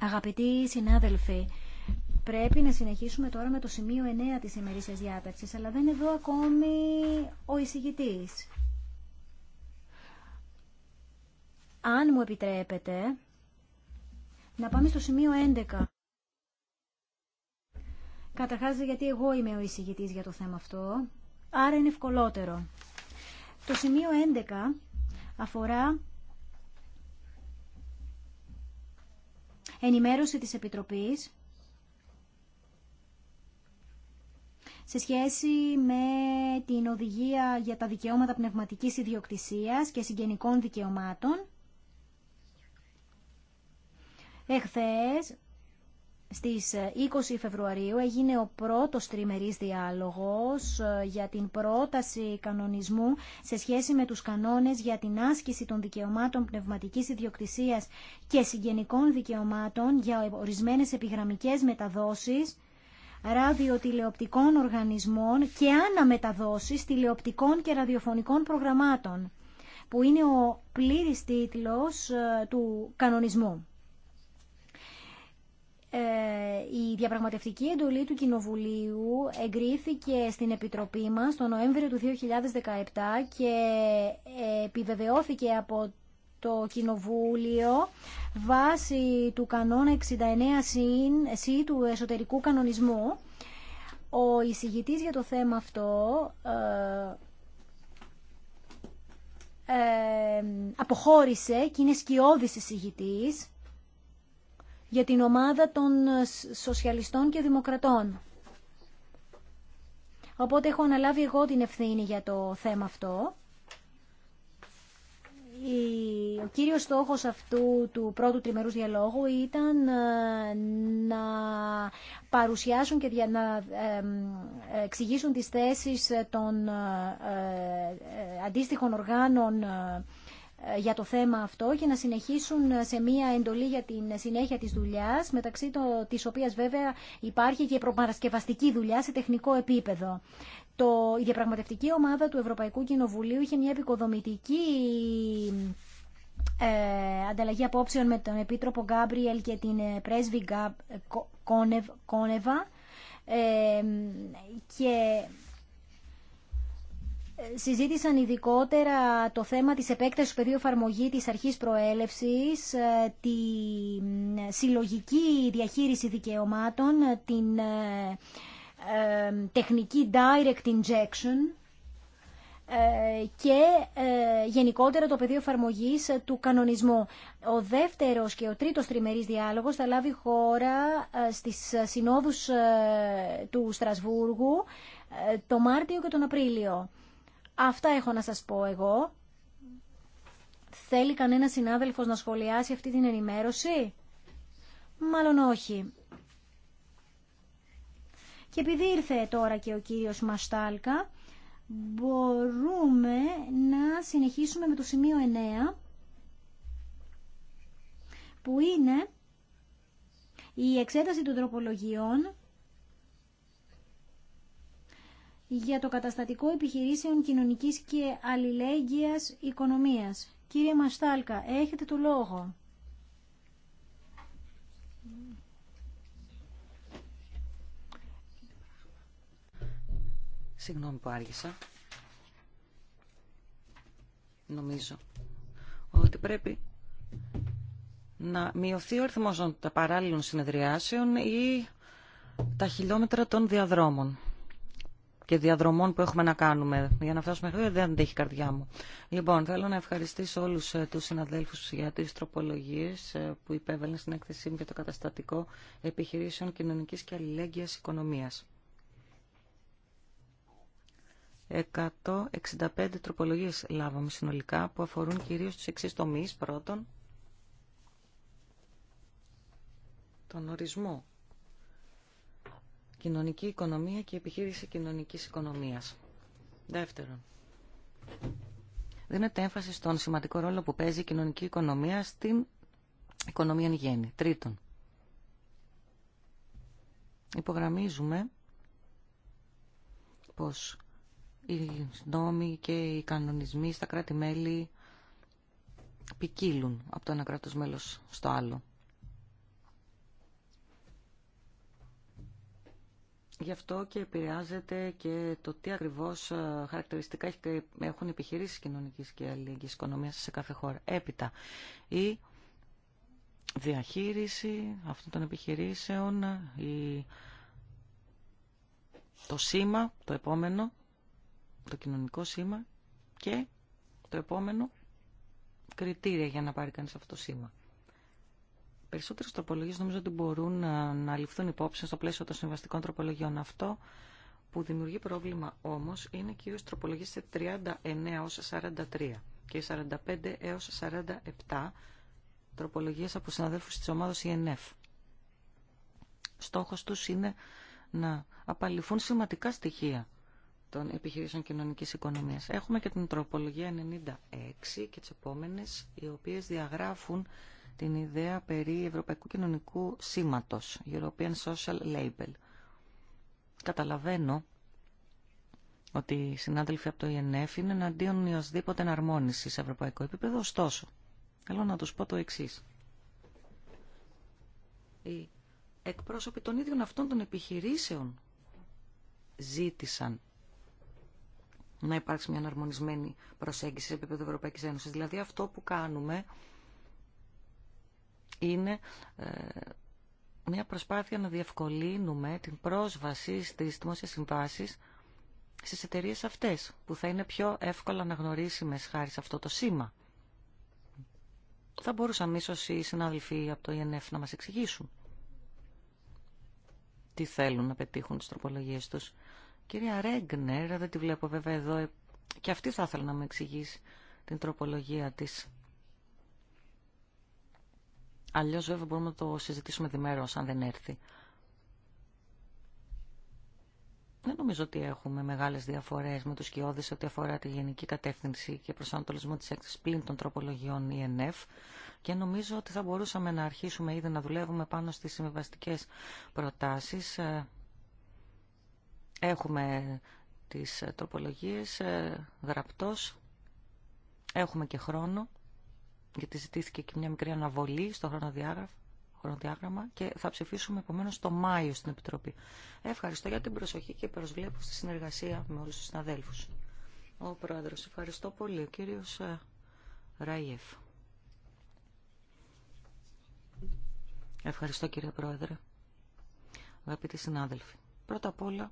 Αγαπητοί συνάδελφοι, πρέπει να συνεχίσουμε τώρα με το σημείο 9 της ημερήσιας διάταξης, αλλά δεν είναι εδώ ακόμη ο εισηγητής. Αν μου επιτρέπετε, να πάμε στο σημείο 11. Καταρχάς γιατί εγώ είμαι ο εισηγητής για το θέμα αυτό άρα είναι ευκολότερο. Το σημείο 11 αφορά ενημέρωση της Επιτροπής σε σχέση με την οδηγία για τα δικαιώματα πνευματικής ιδιοκτησίας και συγγενικών δικαιωμάτων. Εχθές στις 20 ε, Φεβρουαρίου έγινε ο πρώτος τριμερής διάλογος ε, για την πρόταση κανονισμού σε σχέση με τους κανόνες για την άσκηση των δικαιωμάτων πνευματικής ιδιοκτησίας και συγγενικών δικαιωμάτων για ορισμένες επιγραμμικές μεταδόσεις ραδιοτηλεοπτικών οργανισμών και αναμεταδόσεις τηλεοπτικών και ραδιοφωνικών προγραμμάτων που είναι ο πλήρης τίτλος ε, του κανονισμού. Ε, η διαπραγματευτική εντολή του Κοινοβουλίου εγκρίθηκε στην Επιτροπή μας τον Νοέμβριο του 2017 και ε, επιβεβαιώθηκε από το Κοινοβούλιο βάσει του κανόνα 69 συν του εσωτερικού κανονισμού. Ο εισηγητής για το θέμα αυτό ε, αποχώρησε και είναι σκιώδης εισηγητής για την ομάδα των σοσιαλιστών και δημοκρατών. Οπότε έχω αναλάβει εγώ την ευθύνη για το θέμα αυτό. Ο κύριος στόχος αυτού του πρώτου τριμερούς διαλόγου ήταν ε, να παρουσιάσουν και να εξηγήσουν τις θέσεις των ε, ε, αντίστοιχων οργάνων ε, για το θέμα αυτό και να συνεχίσουν σε μια εντολή για την συνέχεια της δουλειάς, μεταξύ το, της οποίας βέβαια υπάρχει και προπαρασκευαστική δουλειά σε τεχνικό επίπεδο. Το, η διαπραγματευτική ομάδα του Ευρωπαϊκού Κοινοβουλίου είχε μια επικοδομητική ε, ανταλλαγή απόψεων με τον Επίτροπο Γκάμπριελ και την ε, πρέσβη Γκάμπ, Κόνεβα ε, και συζήτησαν ειδικότερα το θέμα της επέκτασης του πεδίου εφαρμογή της αρχής προέλευσης, ε, τη συλλογική διαχείριση δικαιωμάτων, την ε, ε, τεχνική direct injection και γενικότερα το πεδίο εφαρμογή του κανονισμού. Ο δεύτερος και ο τρίτος τριμερής διάλογος θα λάβει χώρα στις συνόδους του Στρασβούργου το Μάρτιο και τον Απρίλιο. Αυτά έχω να σας πω εγώ. Θέλει κανένα συνάδελφος να σχολιάσει αυτή την ενημέρωση? Μάλλον όχι. Και επειδή ήρθε τώρα και ο κύριος Μαστάλκα, μπορούμε να συνεχίσουμε με το σημείο 9, που είναι η εξέταση των τροπολογιών για το καταστατικό επιχειρήσεων κοινωνικής και αλληλέγγυας οικονομίας. Κύριε Μαστάλκα, έχετε το λόγο. Συγγνώμη που άργησα. Νομίζω ότι πρέπει να μειωθεί ο αριθμός των παράλληλων συνεδριάσεων ή τα χιλιόμετρα των διαδρόμων και διαδρομών που έχουμε να κάνουμε. Για να φτάσουμε εδώ δεν αντέχει η καρδιά μου. Λοιπόν, θέλω να ευχαριστήσω όλους ε, τους συναδέλφους για τις τροπολογίες ε, που υπέβαλαν στην έκθεσή μου για το καταστατικό επιχειρήσεων κοινωνικής και αλληλέγγυα οικονομίας. 165 τροπολογίες λάβαμε συνολικά που αφορούν κυρίως τους εξής τομείς. Πρώτον, τον ορισμό κοινωνική οικονομία και επιχείρηση κοινωνικής οικονομίας. Δεύτερον, δίνεται έμφαση στον σημαντικό ρόλο που παίζει η κοινωνική οικονομία στην οικονομία εν γέννη. Τρίτον, υπογραμμίζουμε πως οι νόμοι και οι κανονισμοί στα κράτη-μέλη ποικίλουν από το ένα κράτος μέλος στο άλλο. Γι' αυτό και επηρεάζεται και το τι ακριβώς ε, χαρακτηριστικά έχουν επιχειρήσει κοινωνικής και αλληλεγγύης οικονομίας σε κάθε χώρα. Έπειτα, η διαχείριση αυτών των επιχειρήσεων, η... το σήμα, το επόμενο, το κοινωνικό σήμα και το επόμενο κριτήρια για να πάρει κανείς αυτό το σήμα. Περισσότερε τροπολογίες νομίζω ότι μπορούν να, ε, να ληφθούν υπόψη στο πλαίσιο των συμβαστικών τροπολογιών. Αυτό που δημιουργεί πρόβλημα όμως είναι κυρίως τροπολογίες σε 39 έως 43 και 45 έως 47 τροπολογίες από συναδέλφους της ομάδας ΙΕΝΕΦ. Στόχος τους είναι να απαλληφθούν σημαντικά στοιχεία των επιχειρήσεων κοινωνικής οικονομίας. Έχουμε και την τροπολογία 96 και τις επόμενες, οι οποίες διαγράφουν την ιδέα περί Ευρωπαϊκού Κοινωνικού Σήματος, European Social Label. Καταλαβαίνω ότι οι συνάδελφοι από το ΙΕΝΕΦ είναι εναντίον ουσδήποτε εναρμόνιση σε ευρωπαϊκό επίπεδο, ωστόσο, θέλω να τους πω το εξής. Οι εκπρόσωποι των ίδιων αυτών των επιχειρήσεων ζήτησαν να υπάρξει μια αναρμονισμένη προσέγγιση σε επίπεδο Ευρωπαϊκής Ένωσης. Δηλαδή αυτό που κάνουμε είναι ε, μια προσπάθεια να διευκολύνουμε την πρόσβαση στις δημόσιες συμβάσεις στις εταιρείε αυτές, που θα είναι πιο εύκολα να γνωρίσουμε χάρη σε αυτό το σήμα. Θα μπορούσαμε ίσως οι συνάδελφοι από το ΙΕΝΕΦ να μας εξηγήσουν τι θέλουν να πετύχουν τις τροπολογίες τους. Κυρία Ρέγκνερ, δεν τη βλέπω βέβαια εδώ, ε, και αυτή θα ήθελα να μου εξηγήσει την τροπολογία της. Αλλιώς βέβαια μπορούμε να το συζητήσουμε διμέρως αν δεν έρθει. Δεν νομίζω ότι έχουμε μεγάλες διαφορές με τους σκιώδες ό,τι αφορά τη γενική κατεύθυνση και προσανατολισμό της έκθεσης πλήν των τροπολογιών ENF. και νομίζω ότι θα μπορούσαμε να αρχίσουμε ήδη να δουλεύουμε πάνω στις συμβαστικέ προτάσεις. Ε, έχουμε τις τροπολογίες ε, γραπτός, έχουμε και χρόνο γιατί ζητήθηκε και μια μικρή αναβολή στο χρονοδιάγραμμα και θα ψηφίσουμε επομένως το Μάιο στην Επιτροπή. Ευχαριστώ για την προσοχή και προσβλέπω στη συνεργασία με όλους τους συναδέλφους. Ο Πρόεδρος, ευχαριστώ πολύ. Ο κύριος ε, Ραϊεφ. Ευχαριστώ κύριε Πρόεδρε. Αγαπητοί συνάδελφοι, πρώτα απ' όλα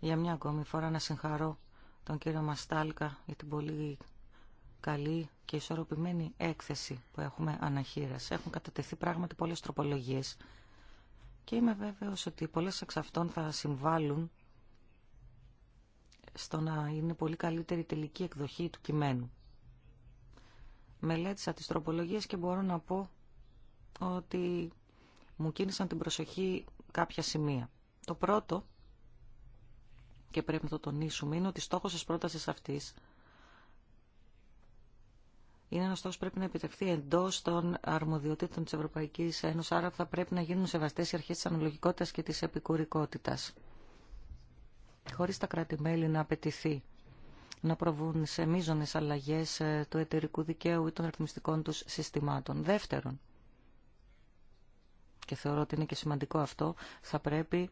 για μια ακόμη φορά να συγχαρώ τον κύριο Μαστάλκα για την πολύ καλή και ισορροπημένη έκθεση που έχουμε αναχείρας. Έχουν κατατεθεί πράγματι πολλές τροπολογίες και είμαι βέβαιος ότι πολλές εξ αυτών θα συμβάλλουν στο να είναι πολύ καλύτερη η τελική εκδοχή του κειμένου. Μελέτησα τις τροπολογίες και μπορώ να πω ότι μου κίνησαν την προσοχή κάποια σημεία. Το πρώτο, και πρέπει να το τονίσουμε, είναι ότι στόχος της πρότασης αυτής είναι ένα που πρέπει να επιτευχθεί εντό των αρμοδιοτήτων τη Ευρωπαϊκή Ένωση, άρα θα πρέπει να γίνουν σεβαστέ οι αρχέ τη αναλογικότητα και τη επικουρικότητα. Χωρί τα κράτη-μέλη να απαιτηθεί να προβούν σε μείζονε αλλαγέ ε, του εταιρικού δικαίου ή των ρυθμιστικών του συστημάτων. Δεύτερον, και θεωρώ ότι είναι και σημαντικό αυτό, θα πρέπει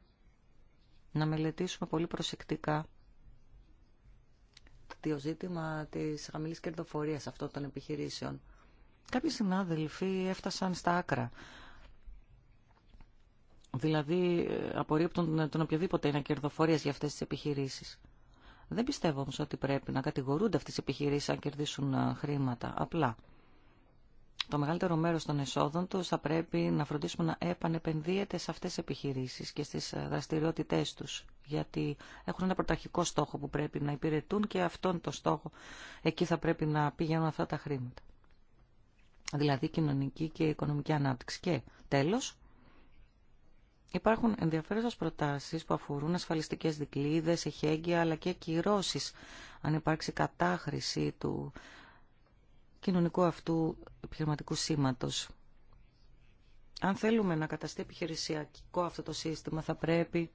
να μελετήσουμε πολύ προσεκτικά το ζήτημα της χαμηλής κερδοφορίας αυτών των επιχειρήσεων. Κάποιοι συνάδελφοι έφτασαν στα άκρα. Δηλαδή ε, απορρίπτουν τον οποιοδήποτε είναι κερδοφορίας για αυτές τις επιχειρήσεις. Δεν πιστεύω όμως ότι πρέπει να κατηγορούνται αυτές οι επιχειρήσεις αν κερδίσουν ε, χρήματα. Απλά το μεγαλύτερο μέρος των εσόδων τους θα πρέπει να φροντίσουμε να επανεπενδύεται σε αυτές τις επιχειρήσεις και στις ε, δραστηριότητές τους γιατί έχουν ένα πρωταρχικό στόχο που πρέπει να υπηρετούν και αυτόν τον στόχο εκεί θα πρέπει να πηγαίνουν αυτά τα χρήματα. Δηλαδή κοινωνική και οικονομική ανάπτυξη. Και τέλος, υπάρχουν ενδιαφέρουσες προτάσεις που αφορούν ασφαλιστικές δικλείδες, εχέγγυα αλλά και κυρώσεις αν υπάρξει κατάχρηση του κοινωνικού αυτού επιχειρηματικού σήματος. Αν θέλουμε να καταστεί επιχειρησιακό αυτό το σύστημα θα πρέπει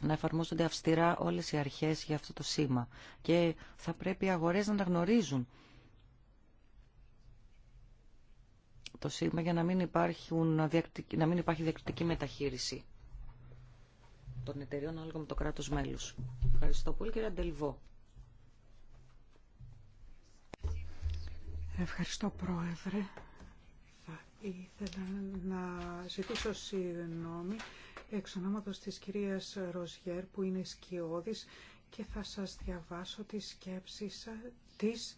να εφαρμόζονται αυστηρά όλες οι αρχές για αυτό το σήμα και θα πρέπει οι αγορές να αναγνωρίζουν το σήμα για να μην, να μην υπάρχει διακριτική μεταχείριση των εταιριών ανάλογα με το κράτος μέλους. Ευχαριστώ πολύ κύριε Αντελβό. Ευχαριστώ πρόεδρε. Θα ήθελα να ζητήσω συγγνώμη εξ ονόματος της κυρίας Ροζιέρ που είναι σκιώδης και θα σας διαβάσω τις σκέψεις της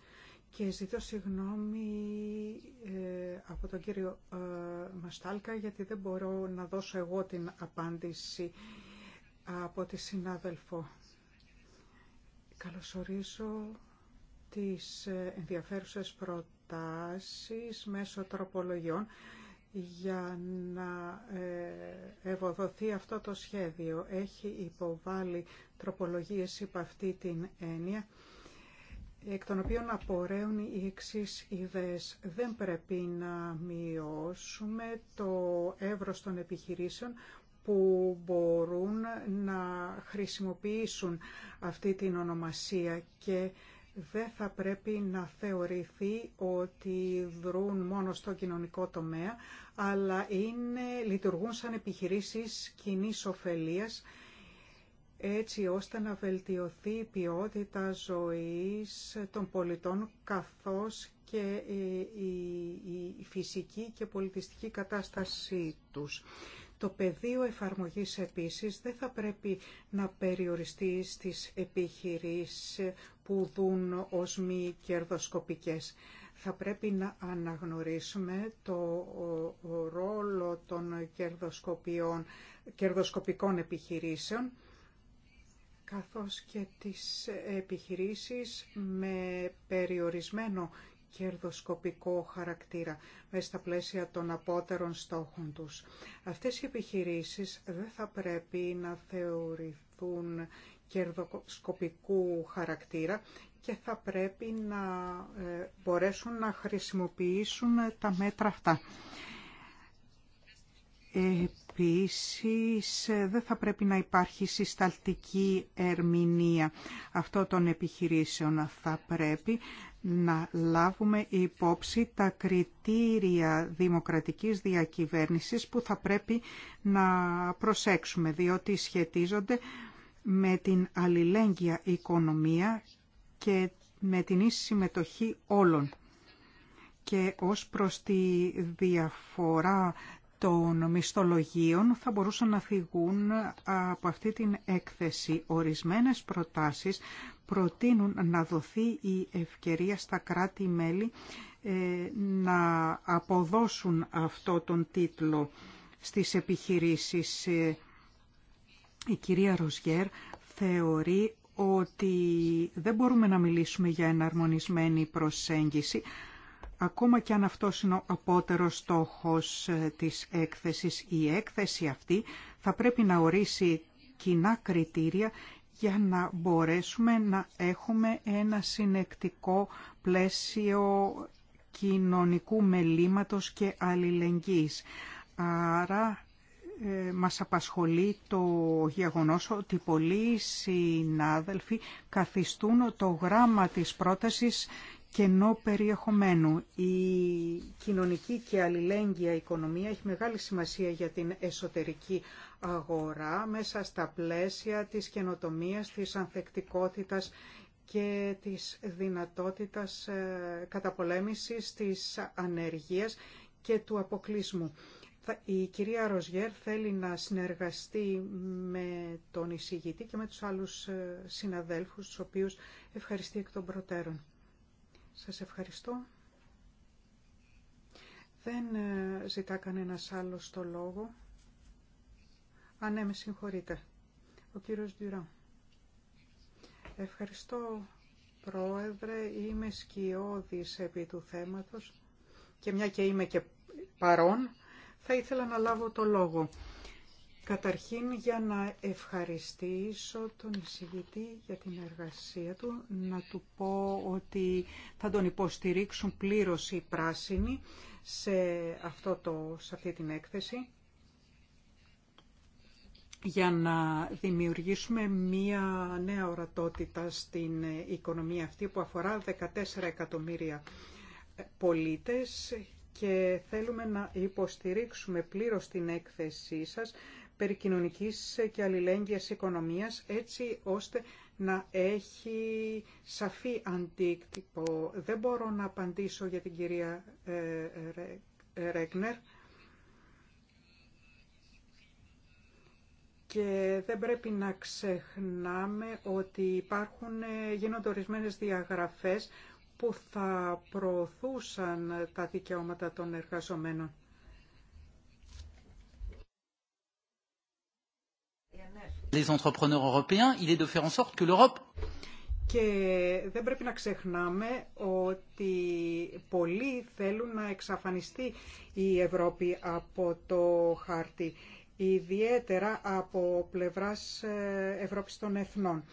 και ζητώ συγγνώμη ε, από τον κύριο ε, Μαστάλκα γιατί δεν μπορώ να δώσω εγώ την απάντηση από τη συνάδελφο. Καλωσορίζω τις ενδιαφέρουσες προτάσεις μέσω τροπολογιών για να ε, ευοδοθεί αυτό το σχέδιο. Έχει υποβάλει τροπολογίες υπ' αυτή την έννοια, εκ των οποίων απορρέουν οι εξής ιδέες. Δεν πρέπει να μειώσουμε το εύρος των επιχειρήσεων που μπορούν να χρησιμοποιήσουν αυτή την ονομασία και δεν θα πρέπει να θεωρηθεί ότι δρούν μόνο στο κοινωνικό τομέα, αλλά είναι, λειτουργούν σαν επιχειρήσεις κοινή ωφελία έτσι ώστε να βελτιωθεί η ποιότητα ζωής των πολιτών καθώς και ε, η φυσική και πολιτιστική κατάστασή τους. Το πεδίο εφαρμογής επίσης δεν θα πρέπει να περιοριστεί στις επιχειρήσεις δουν ως μη κερδοσκοπικές. Θα πρέπει να αναγνωρίσουμε το ρόλο των κερδοσκοπιών, κερδοσκοπικών επιχειρήσεων καθώς και τις επιχειρήσεις με περιορισμένο κερδοσκοπικό χαρακτήρα μέσα στα πλαίσια των απότερων στόχων τους. Αυτές οι επιχειρήσεις δεν θα πρέπει να θεωρηθούν κερδοσκοπικού χαρακτήρα και θα πρέπει να ε, μπορέσουν να χρησιμοποιήσουν τα μέτρα αυτά. Επίσης, ε, δεν θα πρέπει να υπάρχει συσταλτική ερμηνεία αυτών των επιχειρήσεων. Θα πρέπει να λάβουμε υπόψη τα κριτήρια δημοκρατικής διακυβέρνησης που θα πρέπει να προσέξουμε, διότι σχετίζονται με την αλληλέγγυα οικονομία και με την ίση συμμετοχή όλων. Και ως προς τη διαφορά των μισθολογίων θα μπορούσαν να φυγούν από αυτή την έκθεση. Ορισμένες προτάσεις προτείνουν να δοθεί η ευκαιρία στα κράτη-μέλη ε, να αποδώσουν αυτό τον τίτλο στις επιχειρήσεις ε, η κυρία Ροζιέρ θεωρεί ότι δεν μπορούμε να μιλήσουμε για εναρμονισμένη προσέγγιση, ακόμα και αν αυτό είναι ο απότερος στόχος ε, της έκθεσης. Η έκθεση αυτή θα πρέπει να ορίσει κοινά κριτήρια για να μπορέσουμε να έχουμε ένα συνεκτικό πλαίσιο κοινωνικού μελήματος και αλληλεγγύης. Άρα ε, μας απασχολεί το γεγονός ότι πολλοί συνάδελφοι καθιστούν το γράμμα της πρότασης κενό περιεχομένου. Η κοινωνική και αλληλέγγυα οικονομία έχει μεγάλη σημασία για την εσωτερική αγορά μέσα στα πλαίσια της καινοτομίας, της ανθεκτικότητας και της δυνατότητας ε, καταπολέμησης της ανεργίας και του αποκλεισμού. Η κυρία Ροζιέρ θέλει να συνεργαστεί με τον εισηγητή και με τους άλλους ε, συναδέλφους, τους οποίους ευχαριστεί εκ των προτέρων. Σας ευχαριστώ. Δεν ε, ζητά κανένας άλλος το λόγο. Α, ναι, με συγχωρείτε. Ο κύριος Ντυρά. Ευχαριστώ, Πρόεδρε. Είμαι σκιώδης επί του θέματος και μια και είμαι και παρόν, θα ήθελα να λάβω το λόγο. Καταρχήν για να ευχαριστήσω τον εισηγητή για την εργασία του, να του πω ότι θα τον υποστηρίξουν πλήρως οι πράσινοι σε, αυτό το, σε αυτή την έκθεση για να δημιουργήσουμε μία νέα ορατότητα στην οικονομία αυτή που αφορά 14 εκατομμύρια πολίτες και θέλουμε να υποστηρίξουμε πλήρως την έκθεσή σας περί κοινωνικής και αλληλέγγυας οικονομίας, έτσι ώστε να έχει σαφή αντίκτυπο. Δεν μπορώ να απαντήσω για την κυρία ε, ε, Ρέγνερ και δεν πρέπει να ξεχνάμε ότι υπάρχουν, ε, γίνονται ορισμένες διαγραφές που θα προωθούσαν τα δικαιώματα των εργαζομένων. Les entrepreneurs européens, il est de faire en sorte que l'Europe και δεν πρέπει να ξεχνάμε ότι πολλοί θέλουν να εξαφανιστεί η Ευρώπη από το χάρτη ιδιαίτερα από πλευράς ε, Ευρώπης των Εθνών.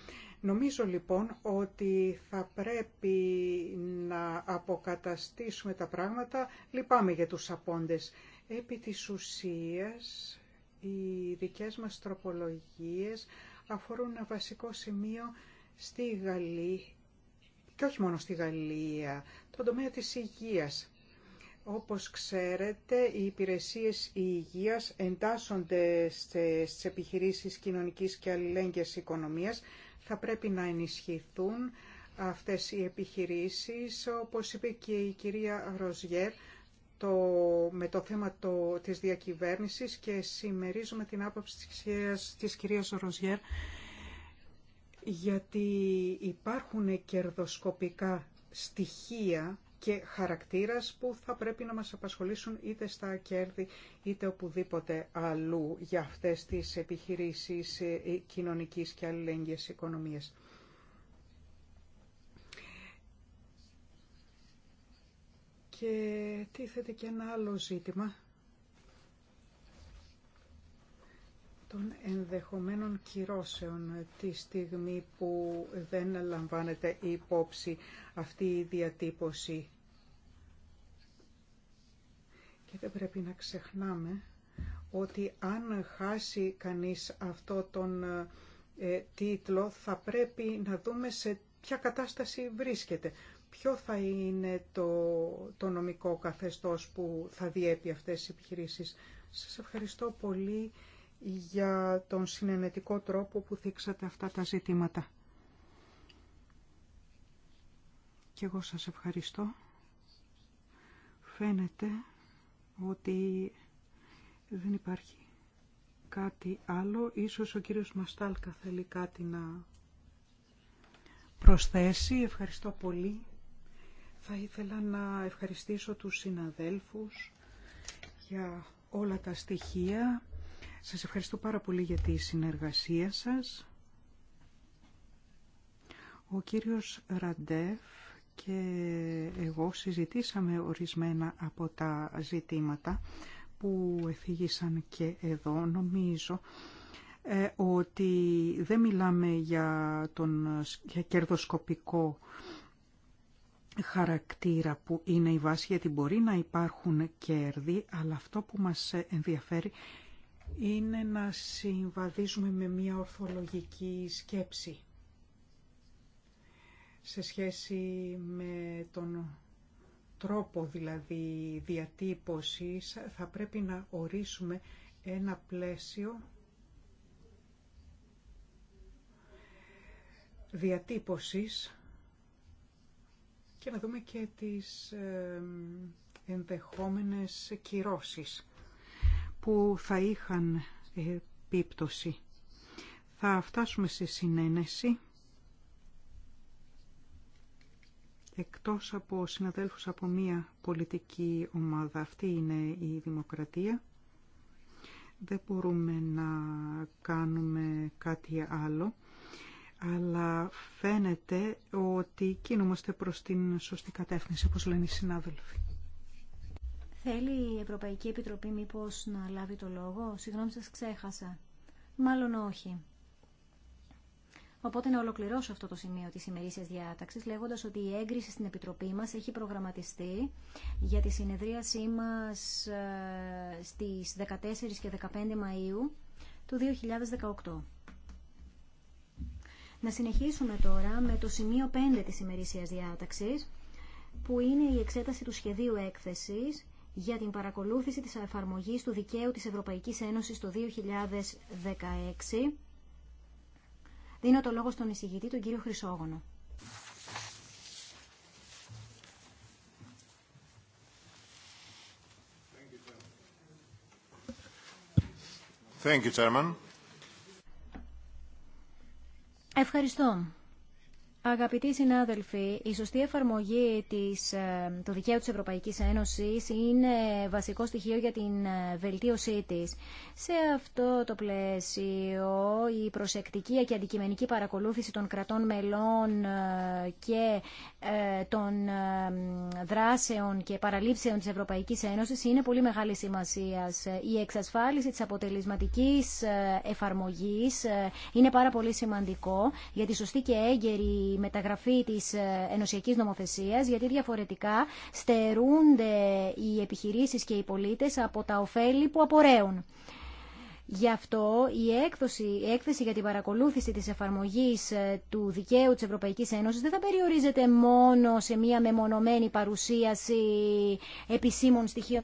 Νομίζω λοιπόν ότι θα πρέπει να αποκαταστήσουμε τα πράγματα. Λυπάμαι για τους απόντες. Επί της ουσίας, οι δικές μας τροπολογίες αφορούν ένα βασικό σημείο στη Γαλλία και όχι μόνο στη Γαλλία, τον τομέα της υγείας. Όπως ξέρετε, οι υπηρεσίες υγείας εντάσσονται στις επιχειρήσεις κοινωνικής και αλληλέγγυας οικονομίας. Θα πρέπει να ενισχυθούν αυτές οι επιχειρήσεις, όπως είπε και η κυρία Ροζιέρ, το, με το θέμα το, της διακυβέρνησης και συμμερίζουμε την άποψη της κυρίας, της κυρίας Ροζιέρ γιατί υπάρχουν κερδοσκοπικά στοιχεία και χαρακτήρας που θα πρέπει να μας απασχολήσουν είτε στα κέρδη είτε οπουδήποτε αλλού για αυτές τις επιχειρήσεις ε, ε, κοινωνικής και αλληλέγγυας οικονομίας. Και τίθεται και ένα άλλο ζήτημα των ενδεχομένων κυρώσεων τη στιγμή που δεν λαμβάνεται υπόψη αυτή η διατύπωση και δεν πρέπει να ξεχνάμε ότι αν χάσει κανείς αυτό τον ε, τίτλο θα πρέπει να δούμε σε ποια κατάσταση βρίσκεται. Ποιο θα είναι το, το νομικό καθεστώς που θα διέπει αυτές τις επιχειρήσεις. Σας ευχαριστώ πολύ για τον συνενετικό τρόπο που θίξατε αυτά τα ζητήματα. Και εγώ σας ευχαριστώ. Φαίνεται ότι δεν υπάρχει κάτι άλλο. Ίσως ο κύριος Μαστάλκα θέλει κάτι να προσθέσει. Ευχαριστώ πολύ. Θα ήθελα να ευχαριστήσω τους συναδέλφους για όλα τα στοιχεία. Σας ευχαριστώ πάρα πολύ για τη συνεργασία σας. Ο κύριος Ραντέφ και εγώ συζητήσαμε ορισμένα από τα ζητήματα που εφήγησαν και εδώ. Νομίζω ε, ότι δεν μιλάμε για τον κερδοσκοπικό χαρακτήρα που είναι η βάση, γιατί μπορεί να υπάρχουν κέρδη, αλλά αυτό που μας ενδιαφέρει είναι να συμβαδίζουμε με μια ορθολογική σκέψη σε σχέση με τον τρόπο δηλαδή διατύπωσης θα πρέπει να ορίσουμε ένα πλαίσιο διατύπωσης και να δούμε και τις ενδεχόμενες κυρώσεις που θα είχαν επίπτωση. Θα φτάσουμε στη συνένεση εκτός από συναδέλφους από μία πολιτική ομάδα, αυτή είναι η δημοκρατία, δεν μπορούμε να κάνουμε κάτι άλλο, αλλά φαίνεται ότι κινούμαστε προς την σωστή κατεύθυνση, όπως λένε οι συνάδελφοι. Θέλει η Ευρωπαϊκή Επιτροπή μήπως να λάβει το λόγο, συγγνώμη σας ξέχασα. Μάλλον όχι. Οπότε να ολοκληρώσω αυτό το σημείο της ημερήσιας διάταξης λέγοντας ότι η έγκριση στην Επιτροπή μας έχει προγραμματιστεί για τη συνεδρίασή μας ε, στις 14 και 15 Μαΐου του 2018. Να συνεχίσουμε τώρα με το σημείο 5 της ημερήσιας διάταξης που είναι η εξέταση του σχεδίου έκθεσης για την παρακολούθηση της εφαρμογής του δικαίου της Ευρωπαϊκής Ένωσης το 2016 Δίνω το λόγο στον εισηγητή, τον κύριο Χρυσόγονο. Thank you, Ευχαριστώ. Αγαπητοί συνάδελφοι, η σωστή εφαρμογή της, ε, του δικαίου της Ευρωπαϊκής Ένωσης είναι βασικό στοιχείο για την ε, βελτίωσή της. Σε αυτό το πλαίσιο, η προσεκτική και αντικειμενική παρακολούθηση των κρατών μελών ε, και των δράσεων και παραλήψεων της Ευρωπαϊκής Ένωσης είναι πολύ μεγάλη σημασία. Η εξασφάλιση της αποτελεσματικής εφαρμογής είναι πάρα πολύ σημαντικό για τη σωστή και έγκαιρη μεταγραφή της ε, ενωσιακής νομοθεσίας, γιατί διαφορετικά στερούνται οι επιχειρήσεις και οι πολίτες από τα ωφέλη που απορρέουν. Γι' αυτό η, η έκθεση για την παρακολούθηση της εφαρμογής ε, του δικαίου της Ευρωπαϊκής Ένωσης δεν θα περιορίζεται μόνο σε μία μεμονωμένη παρουσίαση επισήμων στοιχείων.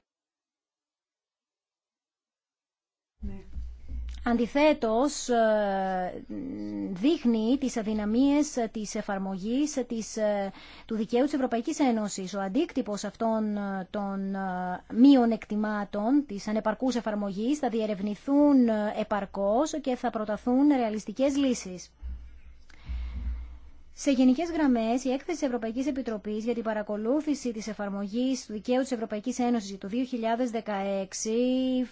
Ναι. Αντιθέτως, ε, δείχνει τις αδυναμίες της εφαρμογής ε, του δικαίου της Ευρωπαϊκής Ένωσης. Ο αντίκτυπος αυτών ε, των μείων εκτιμάτων της ανεπαρκούς εφαρμογής θα διερευνηθούν επαρκώς και θα προταθούν ρεαλιστικές λύσεις. Σε γενικέ γραμμέ, η έκθεση τη Ευρωπαϊκή Επιτροπή για την παρακολούθηση τη εφαρμογή του δικαίου τη Ευρωπαϊκή Ένωση το 2016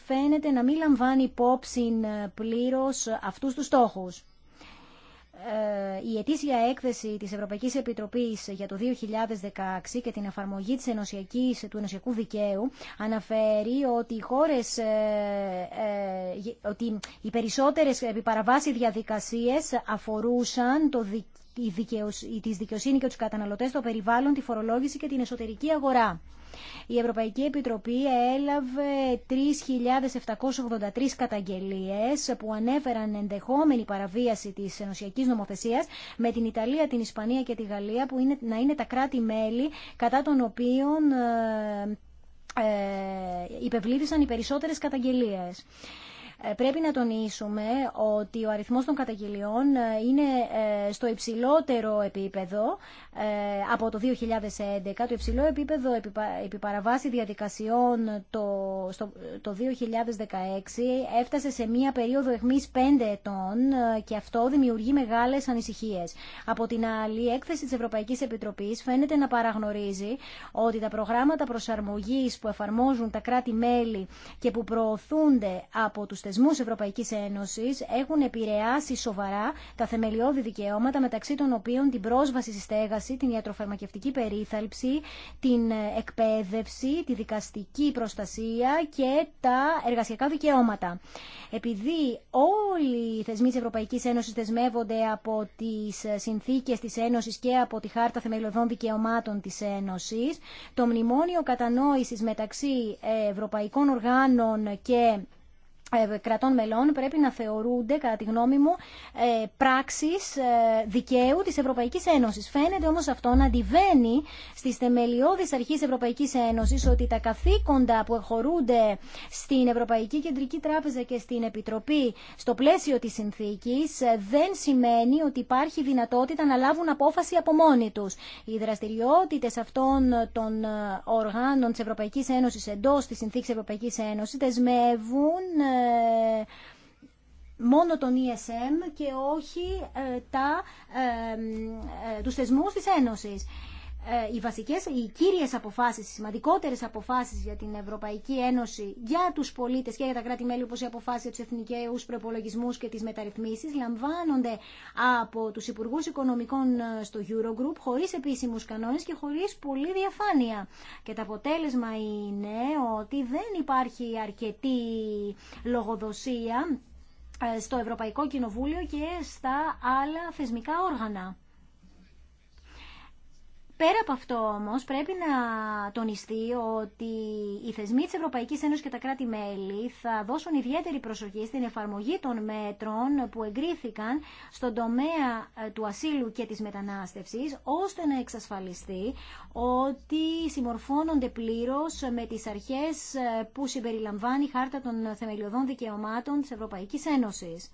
φαίνεται να μην λαμβάνει υπόψη ε, πλήρω αυτού του στόχου. Ε, η ετήσια έκθεση της Ευρωπαϊκής Επιτροπής για το 2016 και την εφαρμογή της ενωσιακής, του ενωσιακού δικαίου αναφέρει ότι οι, χώρες, ε, ότι οι περισσότερες επιπαραβάσει διαδικασίες αφορούσαν το, η δικαιοσύνη, και του καταναλωτέ το περιβάλλον, τη φορολόγηση και την εσωτερική αγορά. Η Ευρωπαϊκή Επιτροπή έλαβε 3.783 καταγγελίες που ανέφεραν ενδεχόμενη παραβίαση της ενωσιακής νομοθεσίας με την Ιταλία, την Ισπανία και τη Γαλλία που είναι, να είναι τα κράτη-μέλη κατά των οποίων ε, ε υπευλήθησαν οι περισσότερες καταγγελίες. Ε, πρέπει να τονίσουμε ότι ο αριθμός των καταγγελιών ε, είναι ε, στο υψηλότερο επίπεδο από το 2011. Το υψηλό επίπεδο επιπαραβάσει διαδικασιών το, το 2016 έφτασε σε μία περίοδο εχμής 5 ετών και αυτό δημιουργεί μεγάλες ανησυχίες. Από την άλλη, η έκθεση της Ευρωπαϊκής Επιτροπής φαίνεται να παραγνωρίζει ότι τα προγράμματα προσαρμογής που εφαρμόζουν τα κράτη-μέλη και που προωθούνται από τους θεσμούς Ευρωπαϊκής Ένωσης έχουν επηρεάσει σοβαρά τα θεμελιώδη δικαιώματα μεταξύ των οποίων την πρόσβαση στη στέγαση, την ιατροφαρμακευτική περίθαλψη, την εκπαίδευση, τη δικαστική προστασία και τα εργασιακά δικαιώματα. Επειδή όλοι οι θεσμοί της Ευρωπαϊκής Ένωσης δεσμεύονται από τις συνθήκες της Ένωσης και από τη Χάρτα Θεμελιωδών Δικαιωμάτων της Ένωσης, το Μνημόνιο Κατανόησης μεταξύ Ευρωπαϊκών Οργάνων και ε, κρατών μελών πρέπει να θεωρούνται, κατά τη γνώμη μου, ε, πράξεις ε, δικαίου της Ευρωπαϊκής Ένωσης. Φαίνεται όμως αυτό να αντιβαίνει στις θεμελιώδεις αρχής Ευρωπαϊκής Ένωσης ότι τα καθήκοντα που εχωρούνται στην Ευρωπαϊκή Κεντρική Τράπεζα και στην Επιτροπή στο πλαίσιο της συνθήκης δεν σημαίνει ότι υπάρχει δυνατότητα να λάβουν απόφαση από μόνοι τους. Οι δραστηριότητες αυτών των οργάνων της Ευρωπαϊκής Ένωσης εντός της συνθήκης Ευρωπαϊκής Ένωσης δεσμεύουν μόνο τον ESM και όχι ε, τα, ε, ε, τους θεσμούς της Ένωσης. Ε, οι βασικές, οι κύριες αποφάσεις, οι σημαντικότερες αποφάσεις για την Ευρωπαϊκή Ένωση, για τους πολίτες και για τα κράτη-μέλη, όπως οι αποφάσεις για τους εθνικαίους προπολογισμούς και τις μεταρρυθμίσεις, λαμβάνονται από τους Υπουργούς Οικονομικών ε, στο Eurogroup, χωρίς επίσημους κανόνες και χωρίς πολλή διαφάνεια. Και το αποτέλεσμα είναι ότι δεν υπάρχει αρκετή λογοδοσία ε, στο Ευρωπαϊκό Κοινοβούλιο και στα άλλα θεσμικά όργανα. Πέρα από αυτό όμως πρέπει να τονιστεί ότι οι θεσμοί της Ευρωπαϊκής Ένωσης και τα κράτη-μέλη θα δώσουν ιδιαίτερη προσοχή στην εφαρμογή των μέτρων που εγκρίθηκαν στον τομέα ε, του ασύλου και της μετανάστευσης ώστε να εξασφαλιστεί ότι συμμορφώνονται πλήρως με τις αρχές ε, που συμπεριλαμβάνει η Χάρτα των Θεμελιωδών Δικαιωμάτων της Ευρωπαϊκής Ένωσης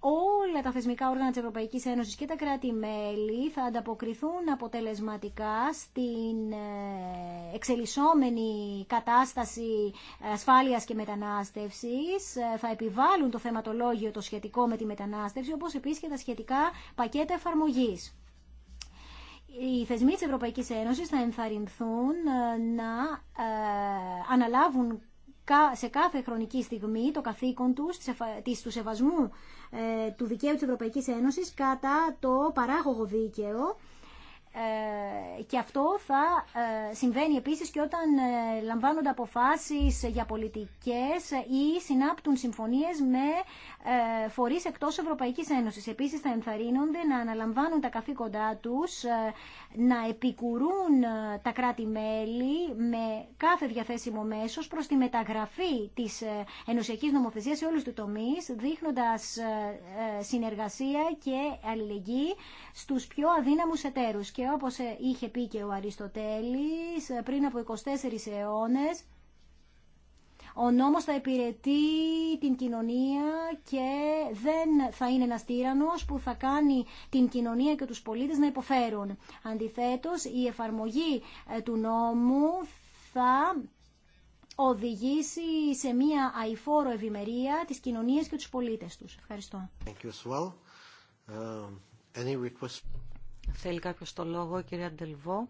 όλα τα θεσμικά όργανα της Ευρωπαϊκής Ένωσης και τα κράτη-μέλη θα ανταποκριθούν αποτελεσματικά στην ε, εξελισσόμενη κατάσταση ασφάλειας και μετανάστευσης, ε, θα επιβάλλουν το θεματολόγιο το σχετικό με τη μετανάστευση, όπως επίσης και τα σχετικά πακέτα εφαρμογής. Οι θεσμοί της Ευρωπαϊκής Ένωσης θα ενθαρρυνθούν ε, να αναλάβουν σε κάθε χρονική στιγμή το καθήκον τους του σεβασμού ε, του δικαίου της Ευρωπαϊκής Ένωσης κατά το παράγωγο δίκαιο ε, και αυτό θα ε, συμβαίνει επίσης και όταν ε, λαμβάνονται αποφάσεις για πολιτικές ή συνάπτουν συμφωνίες με φορείς εκτός Ευρωπαϊκής Ένωσης. Επίσης θα ενθαρρύνονται να αναλαμβάνουν τα καθήκοντά τους, να επικουρούν τα κράτη-μέλη με κάθε διαθέσιμο μέσος προς τη μεταγραφή της ενωσιακής νομοθεσίας σε όλους τους τομείς, δείχνοντας συνεργασία και αλληλεγγύη στους πιο αδύναμους εταίρους. Και όπως ε, είχε πει και ο Αριστοτέλης ε, πριν από 24 αιώνες, ο νόμος θα υπηρετεί την κοινωνία και δεν θα είναι ένας τύρανος που θα κάνει την κοινωνία και τους πολίτες να υποφέρουν. Αντιθέτως, η εφαρμογή ε, του νόμου θα οδηγήσει σε μια αηφόρο ευημερία της κοινωνίας και τους πολίτες τους. Ευχαριστώ. Um, Θέλει κάποιος το λόγο, κυρία Ντελβό.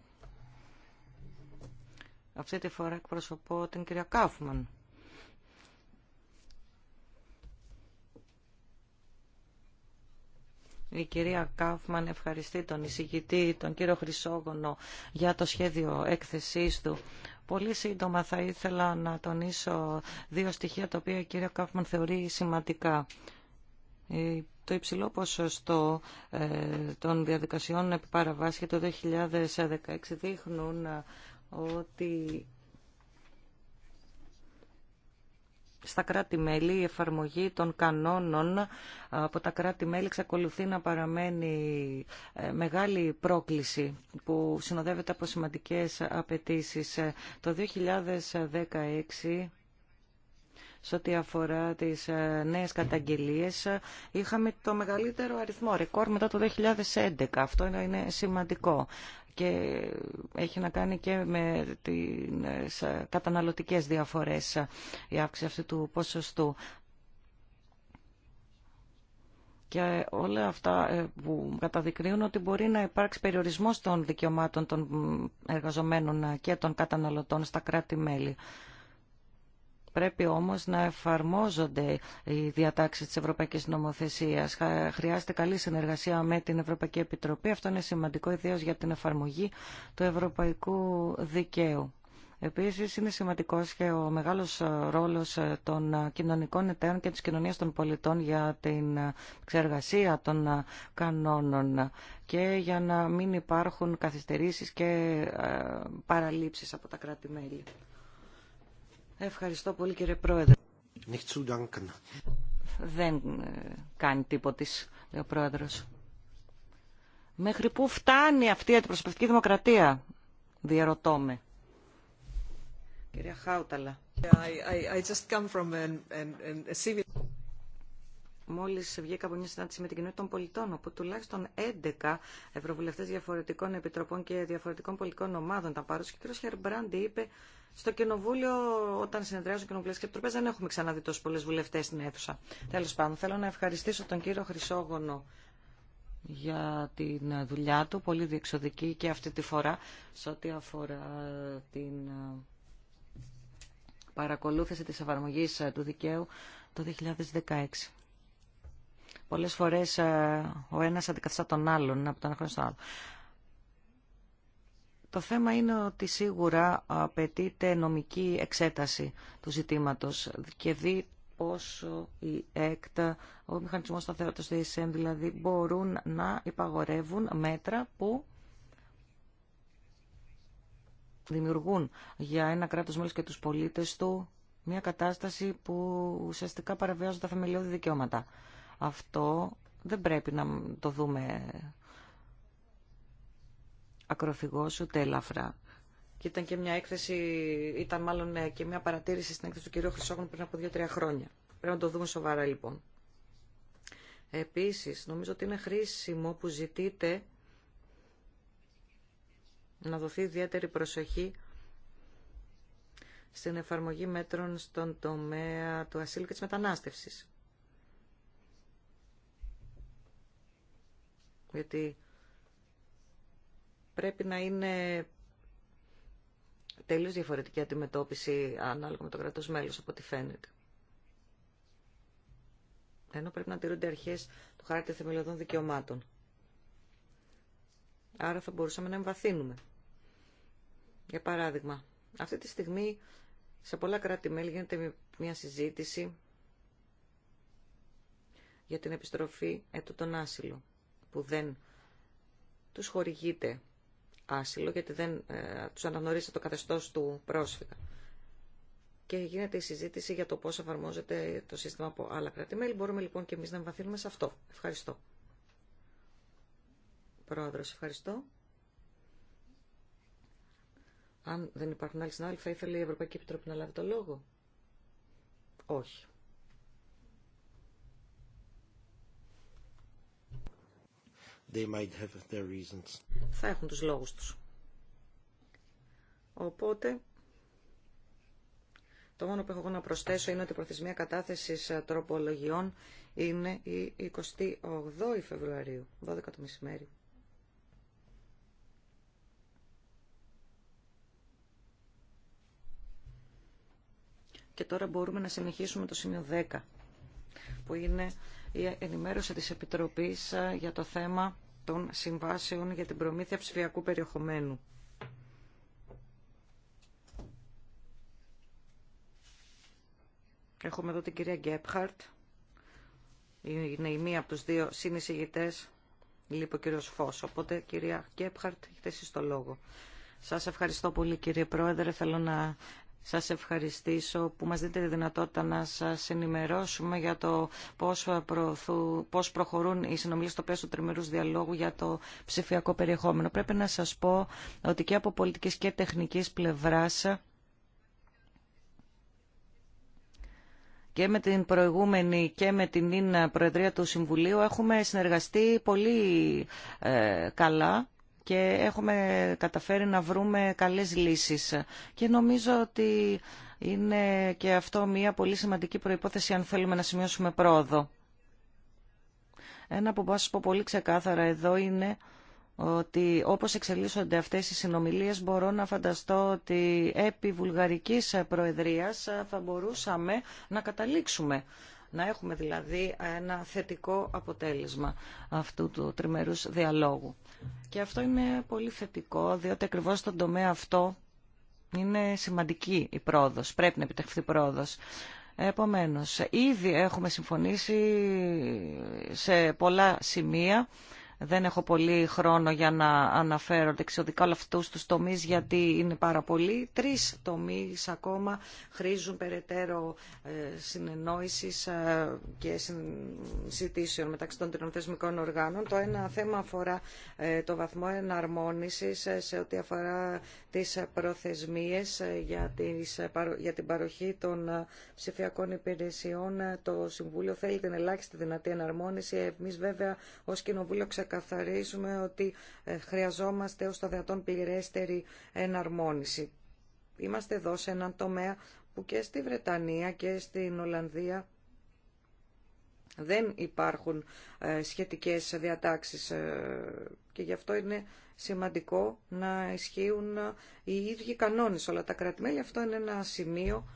Αυτή τη φορά εκπροσωπώ την κυρία Κάφμαν. Η κυρία Κάφμαν ευχαριστεί τον εισηγητή, τον κύριο Χρυσόγωνο, για το σχέδιο έκθεσής του. Πολύ σύντομα θα ήθελα να τονίσω δύο στοιχεία τα οποία η κυρία Κάφμαν θεωρεί σημαντικά. Ε, το υψηλό ποσοστό ε, των διαδικασιών επί παραβάση το 2016 δείχνουν ε, ότι στα κράτη-μέλη η εφαρμογή των κανόνων από τα κράτη-μέλη εξακολουθεί να παραμένει μεγάλη πρόκληση που συνοδεύεται από σημαντικές απαιτήσεις. Το 2016 σε ό,τι αφορά τις ε, νέες καταγγελίες ε, είχαμε το μεγαλύτερο αριθμό ρεκόρ μετά το 2011. Αυτό είναι σημαντικό και έχει να κάνει και με τις ε, καταναλωτικές διαφορές η αύξηση αυτού του ποσοστού. Και όλα αυτά που καταδεικνύουν ότι μπορεί να υπάρξει περιορισμός των δικαιωμάτων των εργαζομένων και των καταναλωτών στα κράτη-μέλη πρέπει όμως να εφαρμόζονται οι διατάξεις της Ευρωπαϊκής Νομοθεσίας. Χρειάζεται καλή συνεργασία με την Ευρωπαϊκή Επιτροπή. Αυτό είναι σημαντικό ιδίως για την εφαρμογή του ευρωπαϊκού δικαίου. Επίσης είναι σημαντικός και ο μεγάλος ρόλος των κοινωνικών εταίρων και της κοινωνίας των πολιτών για την εξεργασία των κανόνων και για να μην υπάρχουν καθυστερήσεις και ε, παραλήψεις από τα κράτη-μέλη. Ευχαριστώ πολύ κύριε Πρόεδρε. Δεν ε, κάνει τίποτα λέει ο Πρόεδρος. Μέχρι πού φτάνει αυτή η αντιπροσωπευτική δημοκρατία, διαρωτώ με. Κυρία Χάουταλα. I, I just come from Μόλι βγήκα από μια συνάντηση με την κοινότητα των πολιτών, όπου τουλάχιστον 11 ευρωβουλευτέ διαφορετικών επιτροπών και διαφορετικών πολιτικών ομάδων ήταν παρόντε. Και ο κ. Χερμπράντι είπε στο κοινοβούλιο, όταν συνεδριάζουν κοινοβουλευτικέ επιτροπέ, δεν έχουμε ξαναδεί τόσου πολλέ βουλευτέ στην αίθουσα. Τέλο πάντων, θέλω να ευχαριστήσω τον κύριο Χρυσόγονο για την δουλειά του, πολύ διεξοδική και αυτή τη φορά σε ό,τι αφορά την ε, παρακολούθηση της εφαρμογής ε, του δικαίου το 2016. Πολλές φορές ε, ο ένας αντικαθιστά τον άλλον από τον ένα στον άλλο. Το θέμα είναι ότι σίγουρα απαιτείται νομική εξέταση του ζητήματος και δει πόσο η ΕΚΤΑ, ο μηχανισμός σταθερότητας του ESM δηλαδή, μπορούν να υπαγορεύουν μέτρα που δημιουργούν για ένα κράτος μέλος και τους πολίτες του μια κατάσταση που ουσιαστικά παραβιάζουν τα θεμελιώδη δικαιώματα. Αυτό δεν πρέπει να το δούμε ακροφυγός ούτε ελαφρά. Και ήταν και μια έκθεση, ήταν μάλλον ε, και μια παρατήρηση στην έκθεση του κυρίου Χρυσόγνου πριν από δύο-τρία χρόνια. Πρέπει να το δούμε σοβαρά λοιπόν. Επίσης, νομίζω ότι είναι χρήσιμο που ζητείτε να δοθεί ιδιαίτερη προσοχή στην εφαρμογή μέτρων στον τομέα του ασύλου και της μετανάστευσης. γιατί πρέπει να είναι τελείως διαφορετική αντιμετώπιση ανάλογα με το κράτος μέλος από ό,τι φαίνεται. Ενώ πρέπει να τηρούνται αρχές του χάρτη θεμελιωδών δικαιωμάτων. Άρα θα μπορούσαμε να εμβαθύνουμε. Για παράδειγμα, αυτή τη στιγμή σε πολλά κράτη-μέλη γίνεται μια συζήτηση για την επιστροφή έτου τον άσυλο που δεν τους χορηγείται άσυλο, γιατί δεν ε, τους αναγνωρίζεται το καθεστώς του πρόσφυγα. Και γίνεται η συζήτηση για το πώς εφαρμόζεται το σύστημα από άλλα κράτη-μέλη. Μπορούμε λοιπόν και εμείς να εμβαθύνουμε σε αυτό. Ευχαριστώ. Πρόεδρος, ευχαριστώ. Αν δεν υπάρχουν άλλοι συνάδελφοι, θα ήθελε η Ευρωπαϊκή Επιτροπή να λάβει το λόγο. Όχι. They might have their reasons. Θα έχουν τους λόγους τους. Οπότε, το μόνο που έχω να προσθέσω είναι ότι η προθεσμία κατάθεσης ε, τροπολογιών είναι η 28 η Φεβρουαρίου, 12 το μεσημέρι. Και τώρα μπορούμε να συνεχίσουμε το σημείο 10, που είναι η ενημέρωση της Επιτροπής ε, για το θέμα των συμβάσεων για την προμήθεια ψηφιακού περιεχομένου. Έχουμε εδώ την κυρία Γκέπχαρτ. Είναι η μία από τους δύο συνεισηγητές. Λείπει ο κύριος Φως. Οπότε, κυρία Γκέπχαρτ, έχετε εσείς το λόγο. Σας ευχαριστώ πολύ κύριε Πρόεδρε. Θέλω να σας ευχαριστήσω που μας δίνετε τη δυνατότητα να σας ενημερώσουμε για το πώς, προχωρούν οι συνομιλίες στο πλαίσιο του τριμερούς διαλόγου για το ψηφιακό περιεχόμενο. Πρέπει να σας πω ότι και από πολιτικής και τεχνικής πλευράς και με την προηγούμενη και με την Προεδρία του Συμβουλίου έχουμε συνεργαστεί πολύ ε, καλά και έχουμε καταφέρει να βρούμε καλές λύσεις. Και νομίζω ότι είναι και αυτό μια πολύ σημαντική προϋπόθεση αν θέλουμε να σημειώσουμε πρόοδο. Ένα που μπορώ να πω πολύ ξεκάθαρα εδώ είναι ότι όπως εξελίσσονται αυτές οι συνομιλίες μπορώ να φανταστώ ότι επί βουλγαρικής προεδρίας θα μπορούσαμε να καταλήξουμε να έχουμε δηλαδή ένα θετικό αποτέλεσμα αυτού του τριμερούς διαλόγου. Και αυτό είναι πολύ θετικό, διότι ακριβώς στον τομέα αυτό είναι σημαντική η πρόοδος, πρέπει να επιτευχθεί πρόοδος. Επομένως, ήδη έχουμε συμφωνήσει σε πολλά σημεία δεν έχω πολύ χρόνο για να αναφέρω δεξιοδικά όλα αυτούς τους τομείς γιατί είναι πάρα πολλοί. Τρεις τομείς ακόμα χρήζουν περαιτέρω ε, συνεννόησης ε, και συζητήσεων μεταξύ των τρινοθεσμικών οργάνων. Το ένα θέμα αφορά ε, το βαθμό εναρμόνισης σε ό,τι αφορά τις προθεσμίες για την παροχή των ψηφιακών υπηρεσιών. Το Συμβούλιο θέλει την ελάχιστη δυνατή εναρμόνιση. Εμείς βέβαια ως Κοινοβούλιο ξεκαθαρίσουμε ότι ε, χρειαζόμαστε ως το δυνατόν πληρέστερη εναρμόνιση. Είμαστε εδώ σε έναν τομέα που και στη Βρετανία και στην Ολλανδία δεν υπάρχουν ε, σχετικές διατάξεις ε, και γι' αυτό είναι σημαντικό να ισχύουν οι ίδιοι κανόνες όλα τα κρατημέλη. Αυτό είναι ένα σημείο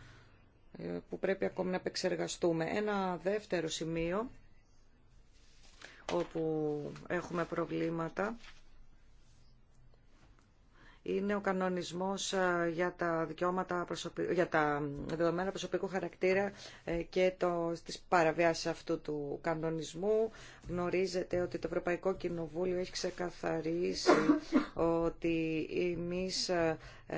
που πρέπει ακόμη να επεξεργαστούμε. Ένα δεύτερο σημείο όπου έχουμε προβλήματα είναι ο κανονισμός ε, για τα, δικαιώματα προσωπι... για τα δεδομένα προσωπικού χαρακτήρα ε, και το... στις παραβιάσεις αυτού του κανονισμού. Γνωρίζετε ότι το Ευρωπαϊκό Κοινοβούλιο έχει ξεκαθαρίσει ότι εμείς ε, ε,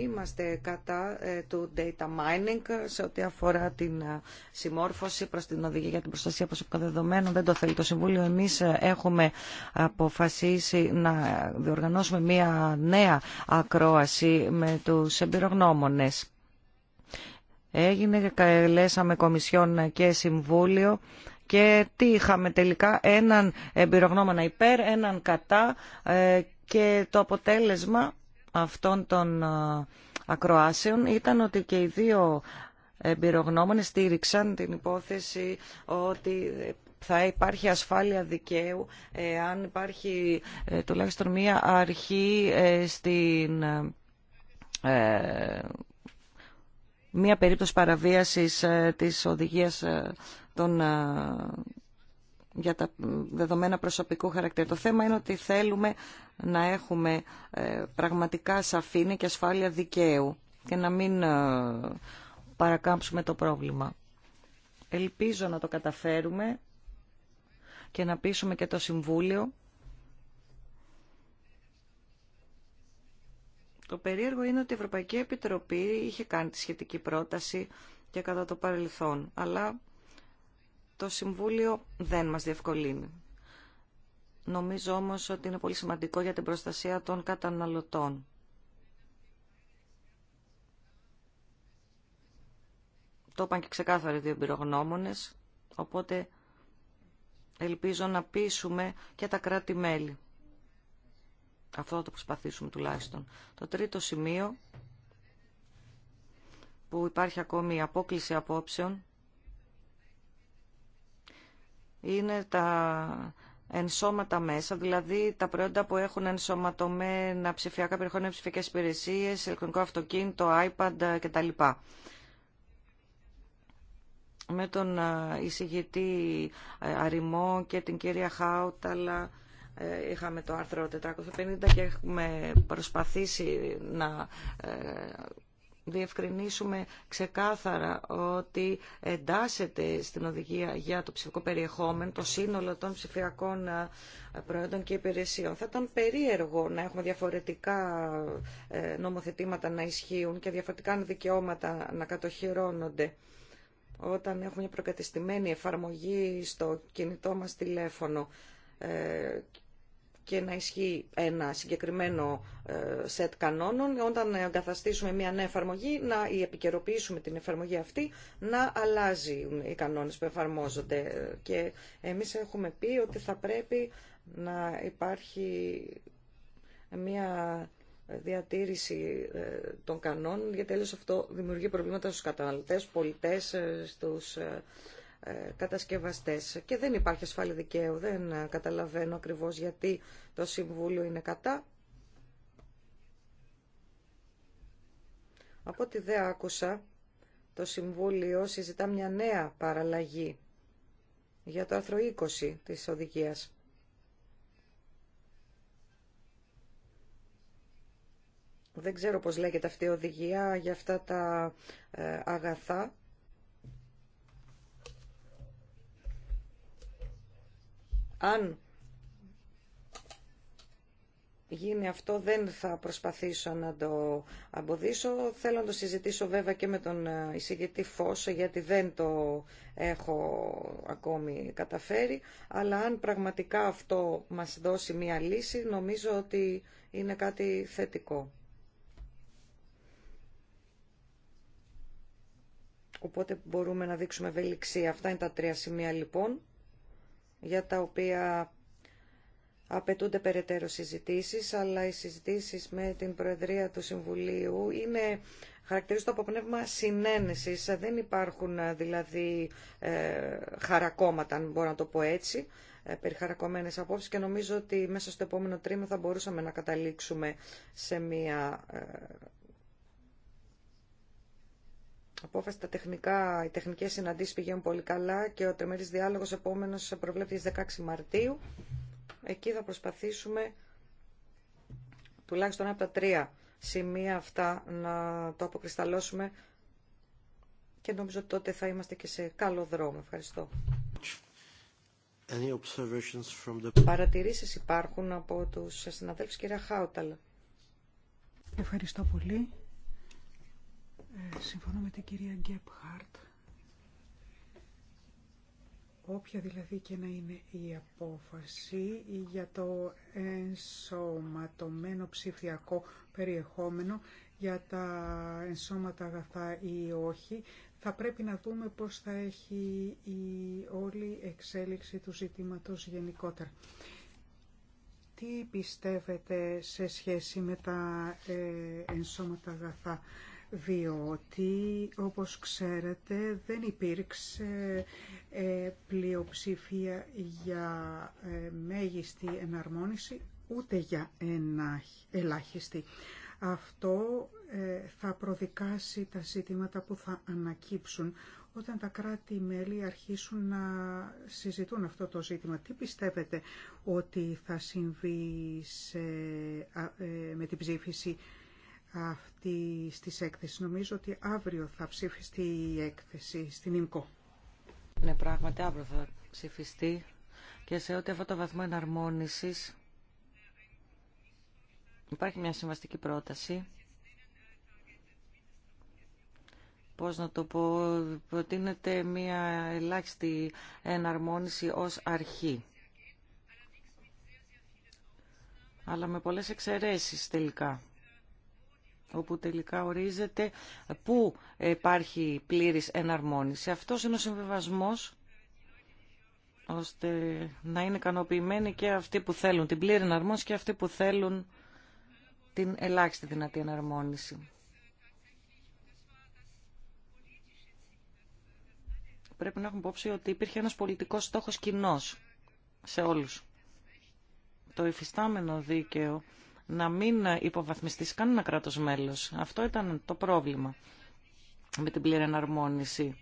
είμαστε κατά ε, του data mining σε ό,τι αφορά την ε, συμμόρφωση προς την οδηγία για την προστασία προσωπικών δεδομένων. Δεν το θέλει το Συμβούλιο. Εμείς έχουμε αποφασίσει να διοργανώσουμε μία νέα ακρόαση με τους εμπειρογνώμονες. Έγινε, καλέσαμε Κομισιόν και Συμβούλιο και τι είχαμε τελικά, έναν εμπειρογνώμονα υπέρ, έναν κατά και το αποτέλεσμα αυτών των ε, ακροάσεων ήταν ότι και οι δύο εμπειρογνώμονε στήριξαν την υπόθεση ότι ε, θα υπάρχει ασφάλεια δικαίου αν υπάρχει ε, τουλάχιστον μία αρχή στην μία περίπτωση παραβίασης της οδηγίας των για τα δεδομένα προσωπικού χαρακτήρα. Το θέμα είναι ότι θέλουμε να έχουμε ε, πραγματικά σαφήνεια και ασφάλεια δικαίου και να μην ε, παρακάμψουμε το πρόβλημα. Ελπίζω να το καταφέρουμε και να πείσουμε και το Συμβούλιο. Το περίεργο είναι ότι η Ευρωπαϊκή Επιτροπή είχε κάνει τη σχετική πρόταση και κατά το παρελθόν, αλλά το Συμβούλιο δεν μας διευκολύνει. Νομίζω όμως ότι είναι πολύ σημαντικό για την προστασία των καταναλωτών. Το είπαν και ξεκάθαρα οι δύο εμπειρογνώμονες, οπότε ελπίζω να πείσουμε και τα κράτη-μέλη. Αυτό θα το προσπαθήσουμε τουλάχιστον. Το τρίτο σημείο που υπάρχει ακόμη απόκληση απόψεων είναι τα ενσώματα μέσα, δηλαδή τα προϊόντα που έχουν ενσωματωμένα ψηφιακά περιεχόμενα, ψηφιακέ υπηρεσίε, ηλεκτρονικό αυτοκίνητο, iPad κτλ. Με τον ε, εισηγητή ε, Αριμό και την κυρία Χάουταλα ε, είχαμε το άρθρο 450 και έχουμε προσπαθήσει να διευκρινίσουμε ξεκάθαρα ότι εντάσσεται στην οδηγία για το ψηφικό περιεχόμενο το σύνολο των ψηφιακών ε, προϊόντων και υπηρεσιών. Θα ήταν περίεργο να έχουμε διαφορετικά ε, νομοθετήματα να ισχύουν και διαφορετικά δικαιώματα να κατοχυρώνονται όταν έχουμε μια προκατεστημένη εφαρμογή στο κινητό μας τηλέφωνο ε, και να ισχύει ένα συγκεκριμένο ε, σετ κανόνων. Όταν εγκαθαστήσουμε μια νέα εφαρμογή, να η επικαιροποιήσουμε την εφαρμογή αυτή, να αλλάζει οι κανόνες που εφαρμόζονται. Και εμείς έχουμε πει ότι θα πρέπει να υπάρχει μια διατήρηση ε, των κανόνων, γιατί τέλος αυτό δημιουργεί προβλήματα στους καταναλωτές, πολιτές, ε, στους ε, κατασκευαστές και δεν υπάρχει ασφάλεια δικαίου. Δεν ε, καταλαβαίνω ακριβώς γιατί το Συμβούλιο είναι κατά. Από ό,τι δεν άκουσα, το Συμβούλιο συζητά μια νέα παραλλαγή για το άρθρο 20 της οδηγίας. Δεν ξέρω πώς λέγεται αυτή η οδηγία για αυτά τα ε, αγαθά Αν γίνει αυτό δεν θα προσπαθήσω να το αποδίσω, Θέλω να το συζητήσω βέβαια και με τον ε, εισηγητή Φώσο γιατί δεν το έχω ακόμη καταφέρει. Αλλά αν πραγματικά αυτό μας δώσει μια λύση νομίζω ότι είναι κάτι θετικό. Οπότε μπορούμε να δείξουμε ευελιξία. Αυτά είναι τα τρία σημεία λοιπόν για τα οποία απαιτούνται περαιτέρω συζητήσεις, αλλά οι συζητήσεις με την Προεδρία του Συμβουλίου είναι χαρακτηρίζονται από πνεύμα συνένεσης. Δεν υπάρχουν δηλαδή ε, αν μπορώ να το πω έτσι, ε, περιχαρακωμένες απόψεις και νομίζω ότι μέσα στο επόμενο τρίμηνο θα μπορούσαμε να καταλήξουμε σε μια ε, απόφαση. Τα τεχνικά, οι τεχνικές συναντήσεις πηγαίνουν πολύ καλά και ο τριμερής διάλογος επόμενος προβλέπει προβλέψεις 16 Μαρτίου. Εκεί θα προσπαθήσουμε τουλάχιστον από τα τρία σημεία αυτά να το αποκρισταλώσουμε και νομίζω τότε θα είμαστε και σε καλό δρόμο. Ευχαριστώ. Any observations from the... Παρατηρήσεις υπάρχουν από τους συναδέλφους κυρία Χάουταλ. Ευχαριστώ πολύ. Ε, συμφωνώ με την κυρία Γκέπχαρτ. Όποια δηλαδή και να είναι η απόφαση για το ενσωματωμένο ψηφιακό περιεχόμενο, για τα ενσώματα αγαθά ή όχι, θα πρέπει να δούμε πώς θα έχει η όλη εξέλιξη του ζητήματος γενικότερα. Τι πιστεύετε σε σχέση με τα ε, ενσώματα αγαθά διότι όπως ξέρετε δεν υπήρξε ε, πλειοψηφία για ε, μέγιστη εναρμόνιση ούτε για ελάχιστη. Αυτό ε, θα προδικάσει τα ζητήματα που θα ανακύψουν όταν τα κράτη-μέλη αρχίσουν να συζητούν αυτό το ζήτημα. Τι πιστεύετε ότι θα συμβεί με την ψήφιση αυτή της έκθεσης. Νομίζω ότι αύριο θα ψηφιστεί η έκθεση στην ΙΜΚΟ. Ναι, πράγματι αύριο θα ψηφιστεί και σε ό,τι αυτό το βαθμό εναρμόνισης υπάρχει μια συμβαστική πρόταση. Πώς να το πω, προτείνεται μια ελάχιστη εναρμόνιση ως αρχή. Αλλά με πολλές εξαιρέσεις τελικά όπου τελικά ορίζεται πού υπάρχει πλήρης εναρμόνιση. Αυτός είναι ο συμβιβασμός ώστε να είναι ικανοποιημένοι και αυτοί που θέλουν την πλήρη εναρμόνιση και αυτοί που θέλουν την συμβιβασμό, εναρμόνιση. Πρέπει να έχουμε υπόψη ότι υπήρχε ένας πολιτικός στόχος κοινός σε όλους. Το υφιστάμενο δίκαιο να μην υποβαθμιστεί κανένα κράτος μέλος. Αυτό ήταν το πρόβλημα με την πλήρη εναρμόνιση.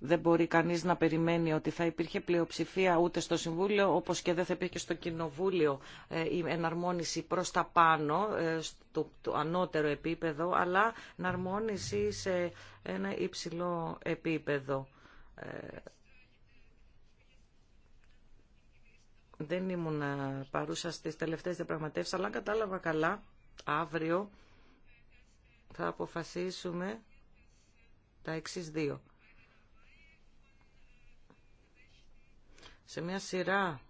Δεν μπορεί κανείς να περιμένει ότι θα υπήρχε πλειοψηφία ούτε στο Συμβούλιο, όπως και δεν θα υπήρχε στο Κοινοβούλιο ε, η εναρμόνιση προς τα πάνω, ε, στο το ανώτερο επίπεδο, αλλά εναρμόνιση σε ένα υψηλό επίπεδο ε, δεν ήμουν ε, παρούσα στις τελευταίες διαπραγματεύσεις, αλλά κατάλαβα καλά, αύριο θα αποφασίσουμε τα εξή δύο. Σε μια σειρά,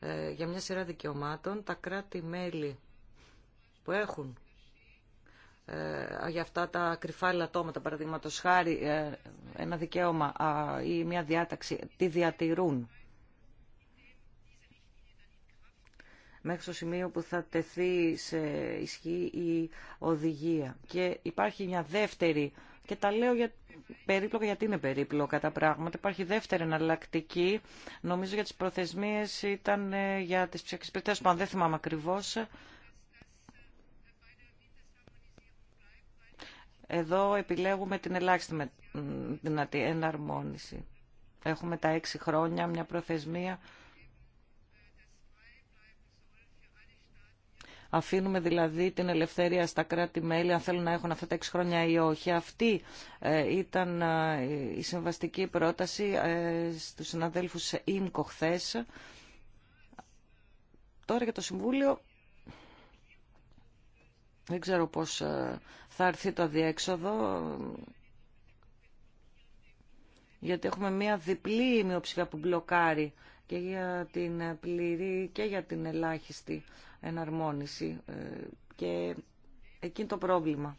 ε, για μια σειρά δικαιωμάτων, τα κράτη-μέλη που έχουν ε, για αυτά τα κρυφά ελαττώματα, παραδείγματος χάρη ένα δικαίωμα ή μια διάταξη, τη διατηρούν μέχρι το σημείο που θα τεθεί σε ισχύ η οδηγία. Και υπάρχει μια δεύτερη, και τα λέω για περίπλοκα γιατί είναι περίπλοκα τα πράγματα, υπάρχει δεύτερη εναλλακτική, νομίζω για τις προθεσμίες ήταν ε, για τις ψυχικές περιπτώσεις, που δεν θυμάμαι ακριβώς, Εδώ επιλέγουμε την ελάχιστη δυνατή εναρμόνιση. Έχουμε τα έξι χρόνια, μια προθεσμία Αφήνουμε δηλαδή την ελευθερία στα κράτη-μέλη αν θέλουν να έχουν αυτά τα 6 χρόνια ή όχι. Αυτή ε, ήταν ε, η συμβαστική πρόταση ε, στους συναδέλφους ΙΜΚΟ χθε. Τώρα για το Συμβούλιο δεν ξέρω πώς θα έρθει το διέξοδο γιατί έχουμε μία διπλή μειοψηφία που μπλοκάρει και για την πλήρη και για την ελάχιστη εναρμόνιση ε, και εκεί το πρόβλημα.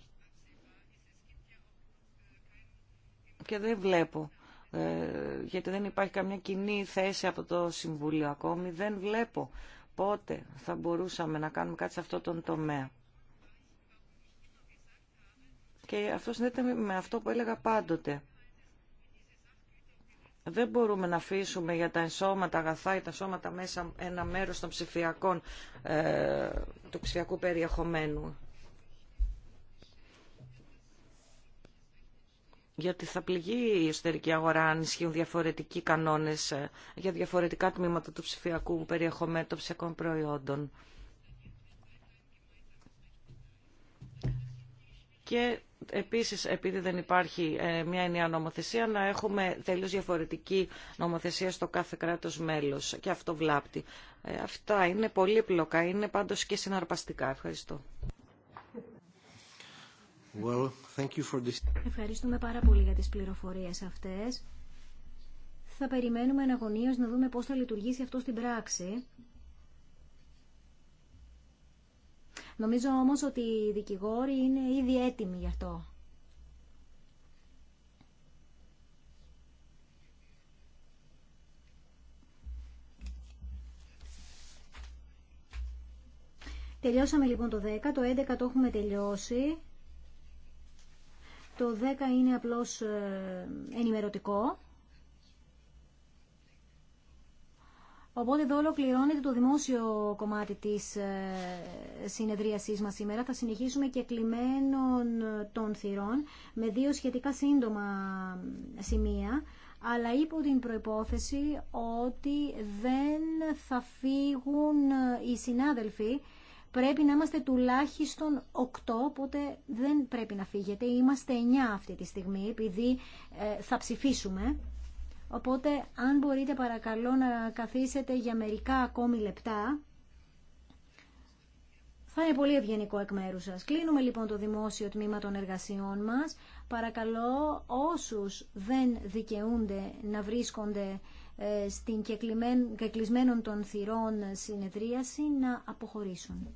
Και δεν βλέπω, ε, γιατί δεν υπάρχει καμιά κοινή θέση από το Συμβούλιο ακόμη, δεν βλέπω πότε θα μπορούσαμε να κάνουμε κάτι σε αυτό τον τομέα. Και αυτό συνδέεται με αυτό που έλεγα πάντοτε. Δεν μπορούμε να αφήσουμε για τα ενσώματα αγαθά ή τα σώματα μέσα ένα μέρος των ψηφιακών, ε, του ψηφιακού περιεχομένου. γιατί θα πληγεί η εσωτερική αγορά αν ισχύουν διαφορετικοί κανόνες ε, για διαφορετικά τμήματα του ψηφιακού περιεχομένου των ψηφιακών προϊόντων. και επίσης επειδή δεν υπάρχει ε, μια ενιαία νομοθεσία να έχουμε τελείως διαφορετική νομοθεσία στο κάθε κράτος μέλος και αυτό βλάπτει. Ε, αυτά είναι πολύ πλοκά, είναι πάντως και συναρπαστικά. Ευχαριστώ. Ευχαριστούμε πάρα πολύ για τις πληροφορίες αυτές. Θα περιμένουμε αναγωνίως να δούμε πώς θα λειτουργήσει αυτό στην πράξη Νομίζω όμως ότι οι δικηγόροι είναι ήδη έτοιμοι γι' αυτό. Τελειώσαμε λοιπόν το 10, το 11 το έχουμε τελειώσει. Το 10 είναι απλώς ε, ενημερωτικό. Οπότε εδώ ολοκληρώνεται το δημόσιο κομμάτι της ε, συνεδρίασής μας σήμερα. Θα συνεχίσουμε και κλειμένων των θυρών με δύο σχετικά σύντομα σημεία, αλλά υπό την προϋπόθεση ότι δεν θα φύγουν ε, οι συνάδελφοι. Πρέπει να είμαστε τουλάχιστον 8, οπότε δεν πρέπει να φύγετε. Είμαστε 9 αυτή τη στιγμή, επειδή ε, θα ψηφίσουμε. Οπότε, αν μπορείτε παρακαλώ να καθίσετε για μερικά ακόμη λεπτά, θα είναι πολύ ευγενικό εκ μέρου σας. Κλείνουμε λοιπόν το δημόσιο τμήμα των εργασιών μας. Παρακαλώ όσους δεν δικαιούνται να βρίσκονται ε, στην κεκλεισμένων των θυρών συνεδρίαση να αποχωρήσουν.